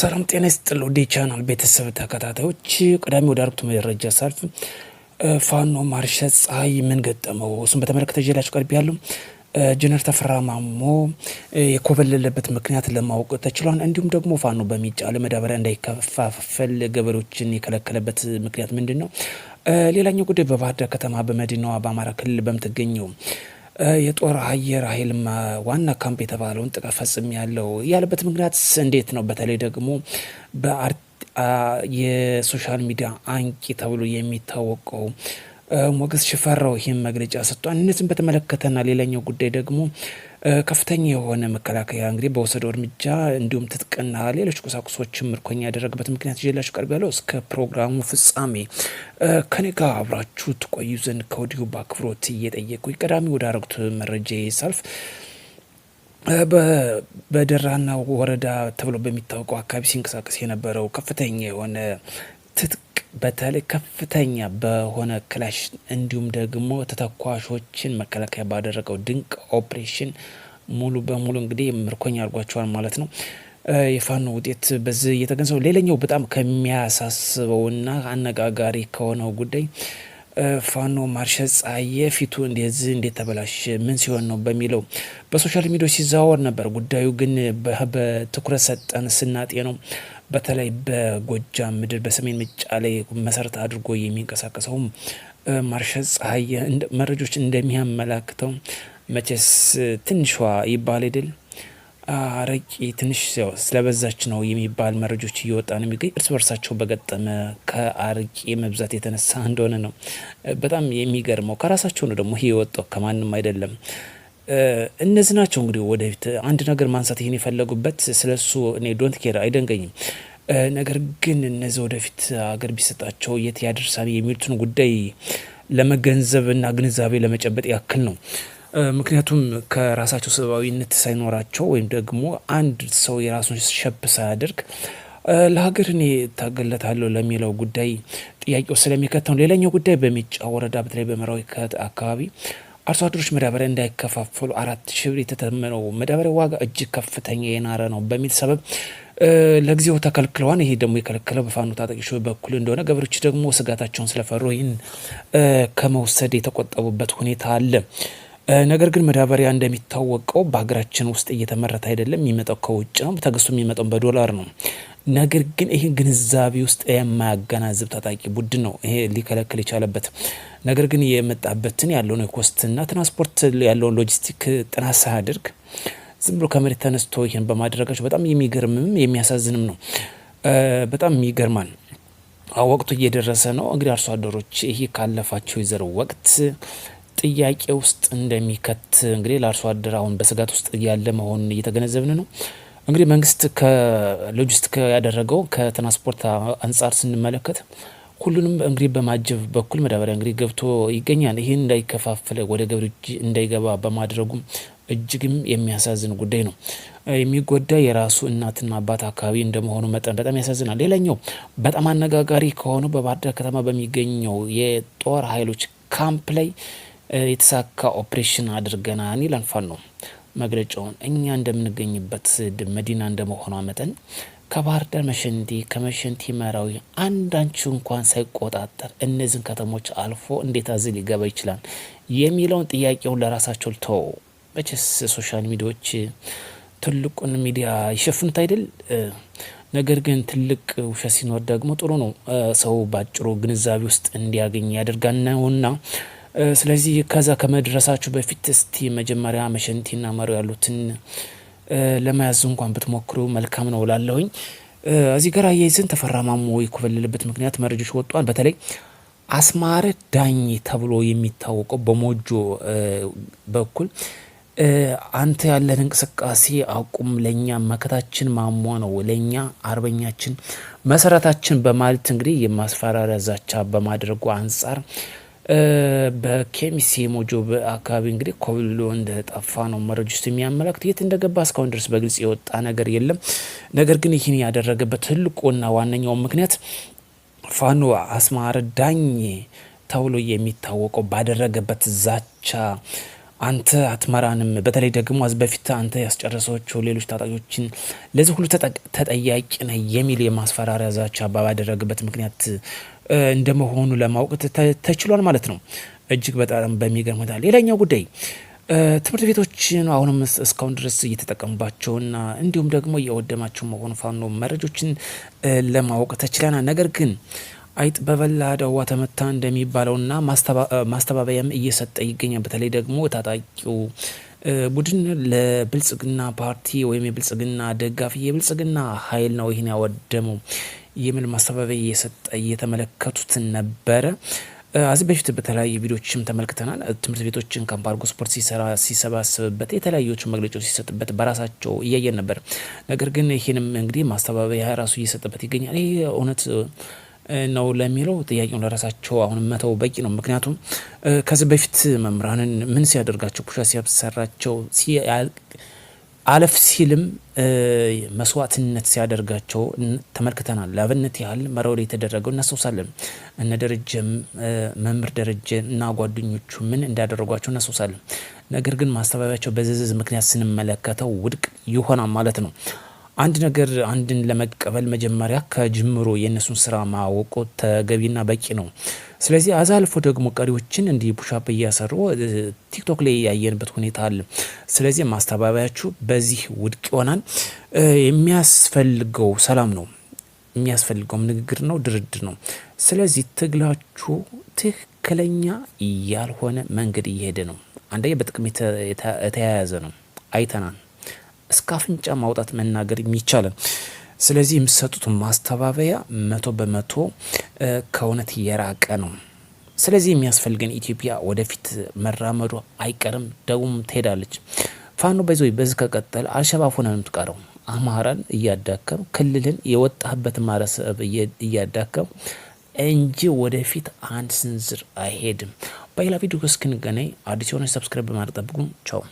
ሰላም ጤና ይስጥል ውዴ ቻናል ቤተሰብ ተከታታዮች፣ ቅዳሜ ወደ አርብቱ መረጃ ሳልፍ ፋኖ ማርሻል ፀሐይ ምን ገጠመው እሱን በተመለከተ ጀላቸው ቀርብ ያሉ ጀነራል ተፈራ ማሞ የኮበለለበት ምክንያት ለማወቅ ተችሏል። እንዲሁም ደግሞ ፋኖ በሚጫ ለመዳበሪያ እንዳይከፋፈል ገበሬዎችን የከለከለበት ምክንያት ምንድን ነው? ሌላኛው ጉዳይ በባህር ዳር ከተማ በመዲናዋ በአማራ ክልል በምትገኘው የጦር አየር ኃይል ዋና ካምፕ የተባለውን ጥቃት ፈጽም ያለው ያለበት ምክንያት እንዴት ነው? በተለይ ደግሞ የሶሻል ሚዲያ አንቂ ተብሎ የሚታወቀው ሞገስ ሽፈራው ይህን መግለጫ ሰጥቷል። እነዚህን በተመለከተና ሌላኛው ጉዳይ ደግሞ ከፍተኛ የሆነ መከላከያ እንግዲህ በወሰደው እርምጃ እንዲሁም ትጥቅና ሌሎች ቁሳቁሶችን ምርኮኛ ያደረግበት ምክንያት ይዤላችሁ ቀርብ ያለው እስከ ፕሮግራሙ ፍጻሜ ከኔ ጋር አብራችሁ ትቆዩ ዘንድ ከወዲሁ በአክብሮት እየጠየቁ ቀዳሚ ወደ አረጉት መረጃ ሳልፍ በደራና ወረዳ ተብሎ በሚታወቀው አካባቢ ሲንቀሳቀስ የነበረው ከፍተኛ የሆነ ትጥቅ በተለይ ከፍተኛ በሆነ ክላሽ እንዲሁም ደግሞ ተተኳሾችን መከላከያ ባደረገው ድንቅ ኦፕሬሽን ሙሉ በሙሉ እንግዲህ ምርኮኛ አድርጓቸዋል ማለት ነው። የፋኖ ውጤት በዚህ እየተገንዘቡ ሌላኛው በጣም ከሚያሳስበውና አነጋጋሪ ከሆነው ጉዳይ ፋኖ ማርሻል ጸሀዬ ፊቱ እንደዚህ እንዴት ተበላሽ? ምን ሲሆን ነው በሚለው በሶሻል ሚዲያ ሲዘዋወር ነበር። ጉዳዩ ግን በትኩረት ሰጠን ስናጤ ነው በተለይ በጎጃም ምድር በሰሜን ምጫ ላይ መሰረት አድርጎ የሚንቀሳቀሰውም ማርሸት ጸሀየ መረጆች እንደሚያመላክተው መቼስ ትንሿ ይባል ይድል አረቂ ትንሽ ው ስለበዛች ነው የሚባል መረጆች እየወጣ ነው የሚገኝ። እርስ በርሳቸው በገጠመ ከአረቂ መብዛት የተነሳ እንደሆነ ነው በጣም የሚገርመው። ከራሳቸው ነው ደግሞ ይሄ የወጣው ከማንም አይደለም። እነዚህ ናቸው እንግዲህ ወደፊት አንድ ነገር ማንሳት ይህን የፈለጉበት ስለሱ እኔ ዶንት ኬር አይደንገኝም። ነገር ግን እነዚህ ወደፊት ሀገር ቢሰጣቸው የት ያደርሳል የሚሉትን ጉዳይ ለመገንዘብና ግንዛቤ ለመጨበጥ ያክል ነው። ምክንያቱም ከራሳቸው ሰብአዊነት ሳይኖራቸው ወይም ደግሞ አንድ ሰው የራሱን ሸብ ሳያደርግ ለሀገር እኔ ታገለታለሁ ለሚለው ጉዳይ ጥያቄው ስለሚከተው ሌላኛው ጉዳይ በሚጫ ወረዳ በተለይ በመራዊ አካባቢ አርሶ አደሮች መዳበሪያ እንዳይከፋፈሉ አራት ሺህ ብር የተተመነው መዳበሪያ ዋጋ እጅግ ከፍተኛ የናረ ነው በሚል ሰበብ ለጊዜው ተከልክለዋል። ይሄ ደግሞ የከለከለው በፋኖ ታጣቂዎች በኩል እንደሆነ ገበሬዎች ደግሞ ስጋታቸውን ስለፈሩ ይህን ከመውሰድ የተቆጠቡበት ሁኔታ አለ። ነገር ግን መዳበሪያ እንደሚታወቀው በሀገራችን ውስጥ እየተመረተ አይደለም፣ የሚመጣው ከውጭ ነው። ተገዝቶ የሚመጣው በዶላር ነው። ነገር ግን ይህን ግንዛቤ ውስጥ የማያገናዝብ ታጣቂ ቡድን ነው ይሄ ሊከለክል የቻለበት። ነገር ግን የመጣበትን ያለውን የኮስትና ትራንስፖርት ያለውን ሎጂስቲክ ጥናት ሳያደርግ ዝም ብሎ ከመሬት ተነስቶ ይህን በማድረጋቸው በጣም የሚገርምም የሚያሳዝንም ነው። በጣም ይገርማል። ወቅቱ እየደረሰ ነው። እንግዲህ አርሶ አደሮች ይሄ ካለፋቸው የዘር ወቅት ጥያቄ ውስጥ እንደሚከት እንግዲህ ለአርሶ አደር አሁን በስጋት ውስጥ ያለ መሆን እየተገነዘብን ነው። እንግዲህ መንግስት ከሎጂስቲክ ያደረገው ከትራንስፖርት አንጻር ስንመለከት ሁሉንም እንግዲህ በማጀብ በኩል መዳበሪያ እንግዲህ ገብቶ ይገኛል። ይህን እንዳይከፋፍለ ወደ ገበሬው እጅ እንዳይገባ በማድረጉ እጅግም የሚያሳዝን ጉዳይ ነው። የሚጎዳ የራሱ እናትና አባት አካባቢ እንደመሆኑ መጠን በጣም ያሳዝናል። ሌላኛው በጣም አነጋጋሪ ከሆነው በባህር ዳር ከተማ በሚገኘው የጦር ኃይሎች ካምፕ ላይ የተሳካ ኦፕሬሽን አድርገናል ይላል ፋኖ ነው። መግለጫውን እኛ እንደምንገኝበት መዲና እንደመሆኗ መጠን ከባህር ዳር መሸንቲ ከመሸንቲ መራዊ አንዳንቹ እንኳን ሳይቆጣጠር እነዚህን ከተሞች አልፎ እንዴት እዚህ ሊገባ ይችላል የሚለውን ጥያቄውን ለራሳቸው ልተው። መቼስ ሶሻል ሚዲያዎች ትልቁን ሚዲያ ይሸፍኑት አይደል? ነገር ግን ትልቅ ውሸት ሲኖር ደግሞ ጥሩ ነው፣ ሰው ባጭሩ ግንዛቤ ውስጥ እንዲያገኝ ያደርጋል ነውና ስለዚህ ከዛ ከመድረሳችሁ በፊት እስቲ መጀመሪያ መሸንቲና መሪው ያሉትን ለመያዝ እንኳን ብትሞክሩ መልካም ነው ላለሁኝ። እዚህ ጋር አያይዘን ተፈራ ማሞ ምክንያት መረጃዎች ወጥቷል። በተለይ አስማረ ዳኝ ተብሎ የሚታወቀው በሞጆ በኩል አንተ ያለን እንቅስቃሴ አቁም፣ ለእኛ መከታችን ማሞ ነው፣ ለእኛ አርበኛችን መሰረታችን በማለት እንግዲህ የማስፈራሪያ ዛቻ በማድረጉ አንጻር በኬሚሴ ሞጆ አካባቢ እንግዲህ ኮብልሎ እንደጠፋ ነው መረጃ ውስጥ የሚያመላክት። የት እንደገባ እስካሁን ድረስ በግልጽ የወጣ ነገር የለም። ነገር ግን ይህን ያደረገበት ትልቁና ዋነኛው ምክንያት ፋኖ አስማረ ዳኝ ተብሎ የሚታወቀው ባደረገበት ዛቻ አንተ አትመራንም፣ በተለይ ደግሞ አዝ በፊት አንተ ያስጨረሰችው ሌሎች ታጣቂዎችን ለዚህ ሁሉ ተጠያቂ ነህ የሚል የማስፈራሪያ ዛቻ ባደረግበት ምክንያት እንደመሆኑ ለማወቅ ተችሏል ማለት ነው። እጅግ በጣም በሚገርም ሁኔታ ሌላኛው ጉዳይ ትምህርት ቤቶችን አሁንም እስካሁን ድረስ እየተጠቀሙባቸውና እንዲሁም ደግሞ እየወደማቸው መሆኑ ፋኖ መረጆችን ለማወቅ ተችለናል። ነገር ግን አይጥ በበላ ደዋ ተመታ እንደሚባለውና ማስተባበያም እየሰጠ ይገኛል። በተለይ ደግሞ ታጣቂው ቡድን ለብልጽግና ፓርቲ ወይም የብልጽግና ደጋፊ የብልጽግና ኃይል ነው ይህን ያወደመው የሚል ማስተባበያ እየሰጠ እየተመለከቱት ነበረ። አዚህ በፊት በተለያዩ ቪዲዮችም ተመልክተናል። ትምህርት ቤቶችን ካምፕ ስፖርት ሲሰራ ሲሰባስብበት የተለያዩች መግለጫዎች ሲሰጥበት በራሳቸው እያየን ነበር። ነገር ግን ይህንም እንግዲህ ማስተባበያ ራሱ እየሰጠበት ይገኛል። ይህ እውነት ነው ለሚለው ጥያቄውን ለራሳቸው አሁን መተው በቂ ነው። ምክንያቱም ከዚህ በፊት መምህራንን ምን ሲያደርጋቸው ፑሻ ሲያሰራቸው አለፍ ሲልም መስዋዕትነት ሲያደርጋቸው ተመልክተናል። ለአብነት ያህል መረው የተደረገው እናስታውሳለን። እነ ደረጀም መምህር ደረጀ እና ጓደኞቹ ምን እንዳደረጓቸው እናስታውሳለን። ነገር ግን ማስተባበያቸው በዝዝዝ ምክንያት ስንመለከተው ውድቅ ይሆናል ማለት ነው። አንድ ነገር አንድን ለመቀበል መጀመሪያ ከጅምሮ የእነሱን ስራ ማወቁ ተገቢና በቂ ነው። ስለዚህ አዛ አልፎ ደግሞ ቀሪዎችን እንዲህ ቡሻፕ እያሰሩ ቲክቶክ ላይ ያየንበት ሁኔታ አለ። ስለዚህ ማስተባበያችሁ በዚህ ውድቅ ይሆናል። የሚያስፈልገው ሰላም ነው፣ የሚያስፈልገውም ንግግር ነው፣ ድርድር ነው። ስለዚህ ትግላችሁ ትክክለኛ ያልሆነ መንገድ እየሄደ ነው። አንደኛ በጥቅም የተያያዘ ነው። አይተናል። እስከ አፍንጫ ማውጣት መናገር የሚቻለን ስለዚህ የምትሰጡት ማስተባበያ መቶ በመቶ ከእውነት የራቀ ነው። ስለዚህ የሚያስፈልገን ኢትዮጵያ ወደፊት መራመዱ አይቀርም፣ ደቡብም ትሄዳለች። ፋኖ በዚ በዚህ ከቀጠለ አልሸባብ ሆነ የምትቀረው። አማራን እያዳከም ክልልን የወጣህበት ማረሰብ እያዳከም እንጂ ወደፊት አንድ ስንዝር አይሄድም። በሌላ ቪዲዮ እስክንገናኝ አዲስ የሆነ ሰብስክራይብ በማድረግ ጠብቁም። ቻው